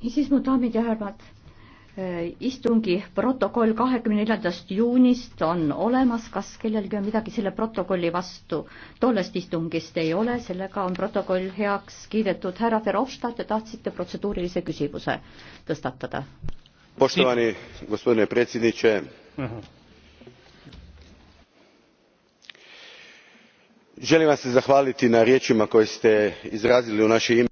niisiis, mu daamid ja härrad, äh, istungi protokoll kahekümne neljandast juunist on olemas, kas kellelgi on midagi selle protokolli vastu? tollest istungist ei ole, sellega on protokoll heaks kiidetud. härra Verhofstadt, te tahtsite protseduurilise küsimuse tõstatada? poštovani gospodine predsjedniče želim vam se zahvaliti na riječima koje ste izrazili u naše ime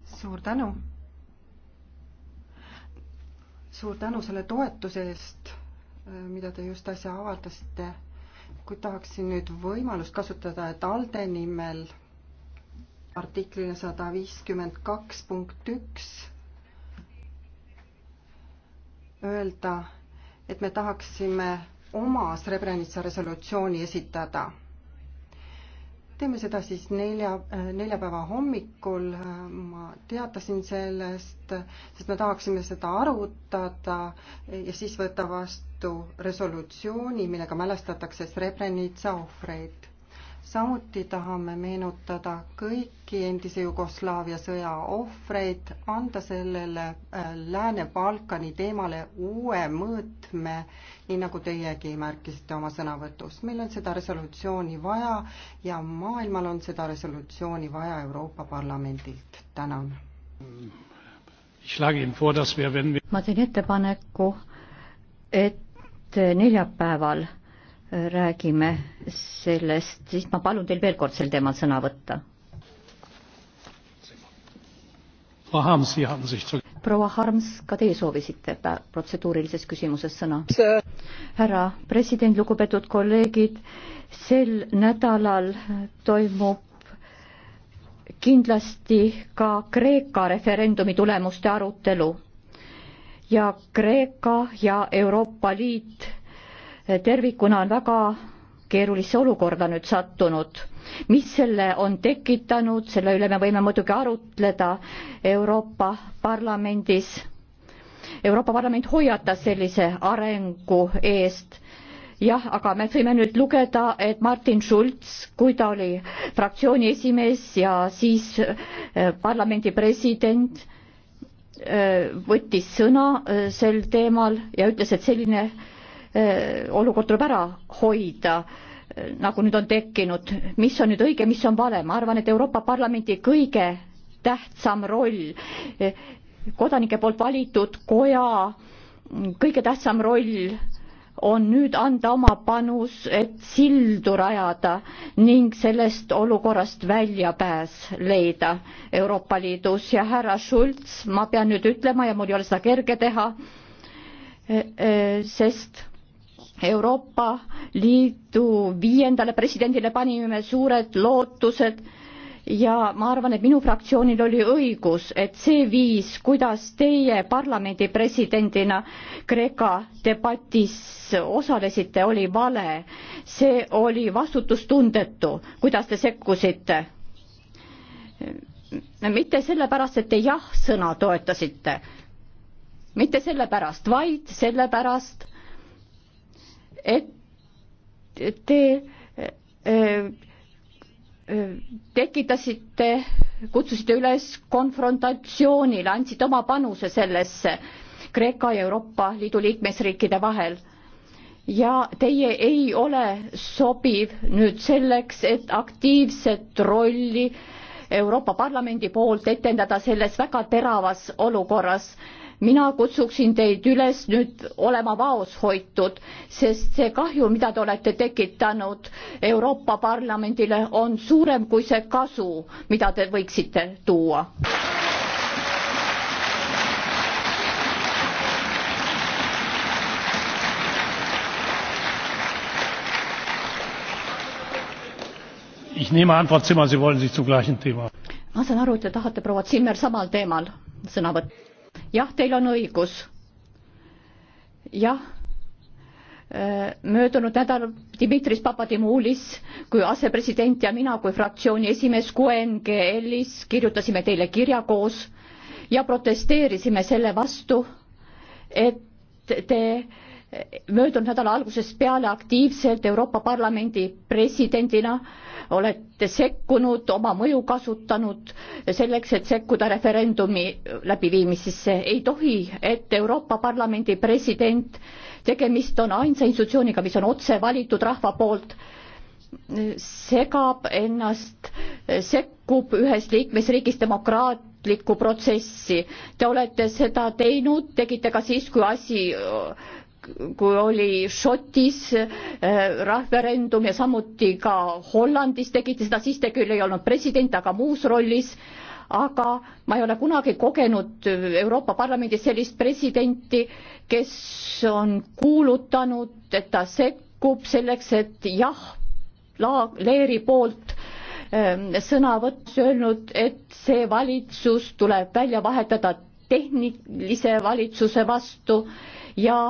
suur tänu selle toetuse eest, äh, mida te just äsja avaldasite. kuid tahaksin nüüd võimalust kasutada, et ALDE nimel artiklina sada viiskümmend kaks punkt üks öelda, et me tahaksime oma Srebrenica resolutsiooni esitada teeme seda siis nelja, äh, neljapäeva hommikul, ma teatasin sellest, sest me tahaksime seda arutada ja siis võtta vastu resolutsiooni, millega mälestatakse Srebrenica ohvreid samuti tahame meenutada kõiki endise Jugoslaavia sõja ohvreid, anda sellele äh, Lääne-Balkani teemale uue mõõtme, nii nagu teiegi märkisite oma sõnavõtus. meil on seda resolutsiooni vaja ja maailmal on seda resolutsiooni vaja Euroopa Parlamendilt. tänan. ma teen ettepaneku, et neljapäeval räägime sellest, siis ma palun teil veel kord sel teemal sõna võtta. proua Harms, ka teie soovisite protseduurilises küsimuses sõna? härra president, lugupeetud kolleegid, sel nädalal toimub kindlasti ka Kreeka referendumi tulemuste arutelu ja Kreeka ja Euroopa Liit tervikuna on väga keerulisse olukorda nüüd sattunud. mis selle on tekitanud, selle üle me võime muidugi arutleda Euroopa Parlamendis. Euroopa Parlament hoiatas sellise arengu eest. jah, aga me võime nüüd lugeda, et Martin Schulz, kui ta oli fraktsiooni esimees ja siis äh, parlamendi president, äh, võttis sõna äh, sel teemal ja ütles, et selline Äh, olukord tuleb ära hoida, äh, nagu nüüd on tekkinud. mis on nüüd õige, mis on vale, ma arvan, et Euroopa Parlamendi kõige tähtsam roll, äh, kodanike poolt valitud koja kõige tähtsam roll on nüüd anda oma panus, et sildu rajada ning sellest olukorrast väljapääs leida Euroopa Liidus ja härra Schulz, ma pean nüüd ütlema ja mul ei ole seda kerge teha, sest Euroopa Liidu viiendale presidendile panime suured lootused ja ma arvan, et minu fraktsioonil oli õigus, et see viis, kuidas teie parlamendi presidendina Kreeka debatis osalesite, oli vale. see oli vastutustundetu, kuidas te sekkusite. mitte sellepärast, et te jah-sõna toetasite, mitte sellepärast, vaid sellepärast, et te äh, äh, tekitasite, kutsusite üles konfrontatsioonile, andsite oma panuse sellesse Kreeka ja Euroopa Liidu liikmesriikide vahel. ja teie ei ole sobiv nüüd selleks, et aktiivset rolli Euroopa Parlamendi poolt etendada selles väga teravas olukorras mina kutsuksin teid üles nüüd olema vaoshoitud, sest see kahju, mida te olete tekitanud Euroopa Parlamendile, on suurem kui see kasu, mida te võiksite tuua. Ich nehme an, Frau Zimmer, Sie wollen sich zum gleichen Thema. ma saan aru, et te tahate proua Zimmer samal teemal sõna võtta jah, teil on õigus. jah, äh, möödunud nädalal Dimitris Papadimulis kui asepresident ja mina kui fraktsiooni esimees QNGL-is kirjutasime teile kirja koos ja protesteerisime selle vastu, et te möödunud nädala algusest peale aktiivselt Euroopa Parlamendi presidendina olete sekkunud, oma mõju kasutanud selleks, et sekkuda referendumi läbiviimisesse. ei tohi, et Euroopa Parlamendi president, tegemist on ainsa institutsiooniga, mis on otse valitud rahva poolt, segab ennast, sekkub ühes liikmesriigis demokraatlikku protsessi. Te olete seda teinud, tegite ka siis, kui asi kui oli Šotis eh, referendum ja samuti ka Hollandis tegite seda, siis te küll ei olnud president, aga muus rollis aga ma ei ole kunagi kogenud Euroopa Parlamendis sellist presidenti, kes on kuulutanud, et ta sekkub selleks, et jah, Leeri poolt eh, sõnavõttes öelnud, et see valitsus tuleb välja vahetada tehnilise valitsuse vastu ja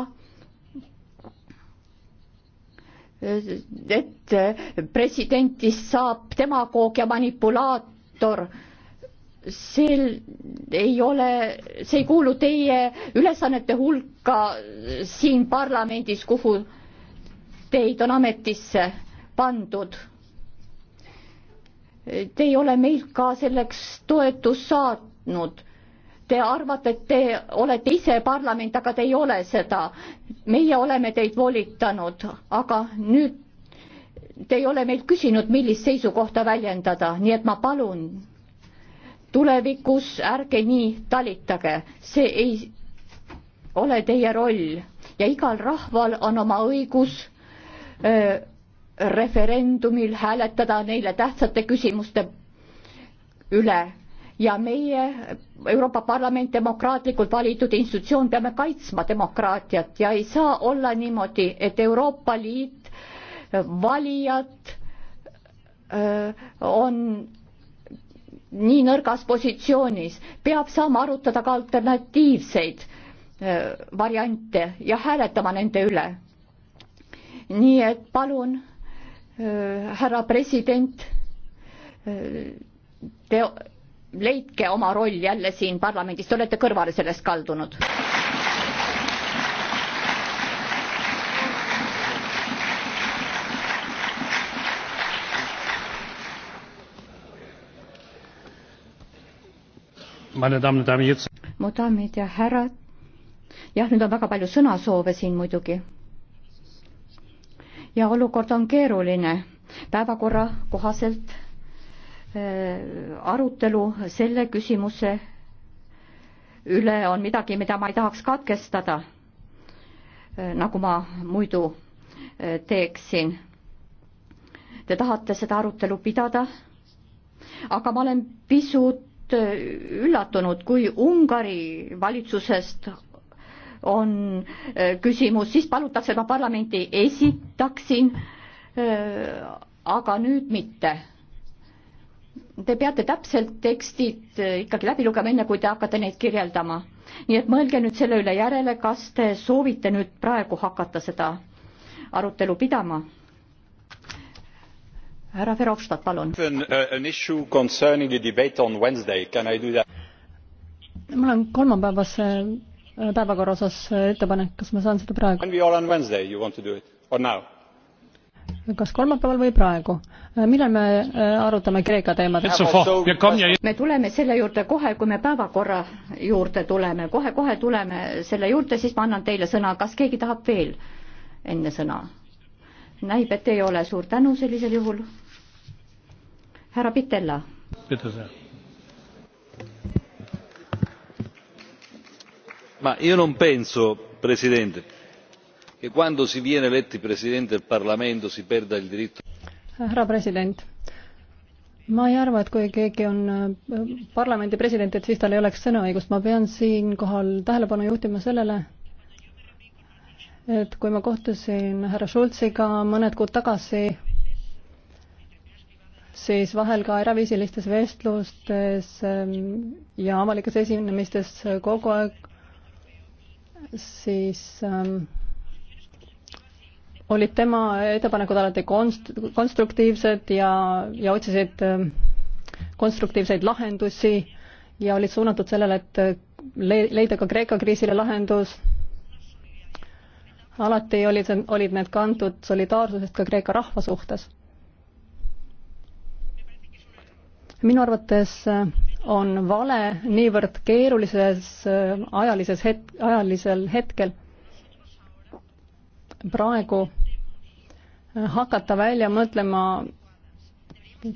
et presidentist saab demagoog ja manipulaator. see ei ole, see ei kuulu teie ülesannete hulka siin parlamendis, kuhu teid on ametisse pandud. Te ei ole meilt ka selleks toetust saatnud Te arvate, et te olete ise parlament, aga te ei ole seda. meie oleme teid volitanud, aga nüüd te ei ole meilt küsinud, millist seisukohta väljendada, nii et ma palun, tulevikus ärge nii talitage, see ei ole teie roll ja igal rahval on oma õigus öö, referendumil hääletada neile tähtsate küsimuste üle ja meie Euroopa Parlament, demokraatlikult valitud institutsioon, peame kaitsma demokraatiat ja ei saa olla niimoodi, et Euroopa Liit, valijad öö, on nii nõrgas positsioonis, peab saama arutada ka alternatiivseid variante ja hääletama nende üle. nii et palun, härra president, te leidke oma roll jälle siin parlamendis, te olete kõrvale sellest kaldunud. mu daamid ja härrad, jah, nüüd on väga palju sõnasoove siin muidugi. ja olukord on keeruline päevakorra kohaselt Äh, arutelu selle küsimuse üle on midagi, mida ma ei tahaks katkestada, äh, nagu ma muidu äh, teeksin. Te tahate seda arutelu pidada, aga ma olen pisut üllatunud, kui Ungari valitsusest on küsimus, siis palutakse, et ma parlamendi esitaksin, aga nüüd mitte te peate täpselt tekstid äh, ikkagi läbi lugema, enne kui te hakkate neid kirjeldama. nii et mõelge nüüd selle üle järele, kas te soovite nüüd praegu hakata seda arutelu pidama. härra Verhofstadt, palun. Uh, mul on kolmapäevase äh, päevakorra osas äh, ettepanek, kas ma saan seda praegu? kas kolmapäeval või praegu? Äh, millal me äh, arutame Kreeka teemat? me tuleme selle juurde kohe, kui me päevakorra juurde tuleme kohe,, kohe-kohe tuleme selle juurde, siis ma annan teile sõna, kas keegi tahab veel enne sõna? näib, et ei ole, suur tänu sellisel juhul. härra Pitella. ma, io non penso, president che quando si viene eletti presidente del parlamento si perda il diritto. härra president ma ei arva, et kui keegi on äh, parlamendi president, et siis tal ei oleks sõnaõigust, ma pean siinkohal tähelepanu juhtima sellele, et kui ma kohtusin härra Schultziga mõned kuud tagasi, siis vahel ka eraviisilistes vestlustes ähm, ja avalikes esinemistes kogu aeg siis ähm, olid tema ettepanekud alati konst-, konstruktiivsed ja, ja otsisid äh, konstruktiivseid lahendusi ja olid suunatud sellele, et äh, le-, leida ka Kreeka kriisile lahendus, alati olid, olid need kantud solidaarsusest ka Kreeka rahva suhtes. minu arvates äh, on vale niivõrd keerulises ajalises het-, ajalisel hetkel praegu hakata välja mõtlema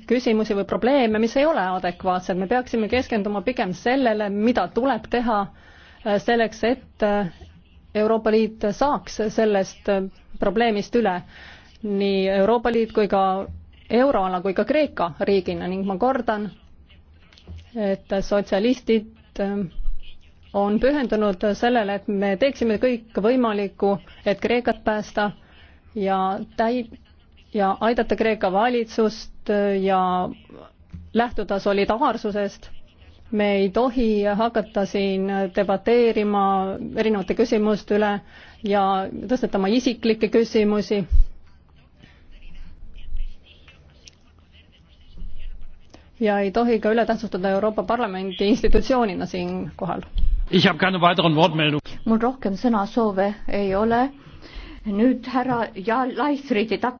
küsimusi või probleeme, mis ei ole adekvaatsed, me peaksime keskenduma pigem sellele, mida tuleb teha selleks, et Euroopa Liit saaks sellest probleemist üle. nii Euroopa Liit kui ka euroala kui ka Kreeka riigina ning ma kordan, et sotsialistid on pühendunud sellele, et me teeksime kõik võimalikku, et Kreekat päästa ja täi- ja aidata Kreeka valitsust ja lähtuda solidaarsusest. me ei tohi hakata siin debateerima erinevate küsimuste üle ja tõstetama isiklikke küsimusi ja ei tohi ka üle tähtsustada Euroopa Parlamendi institutsioonina siinkohal mul rohkem sõnasoove ei ole. nüüd härra Laisridi tak-.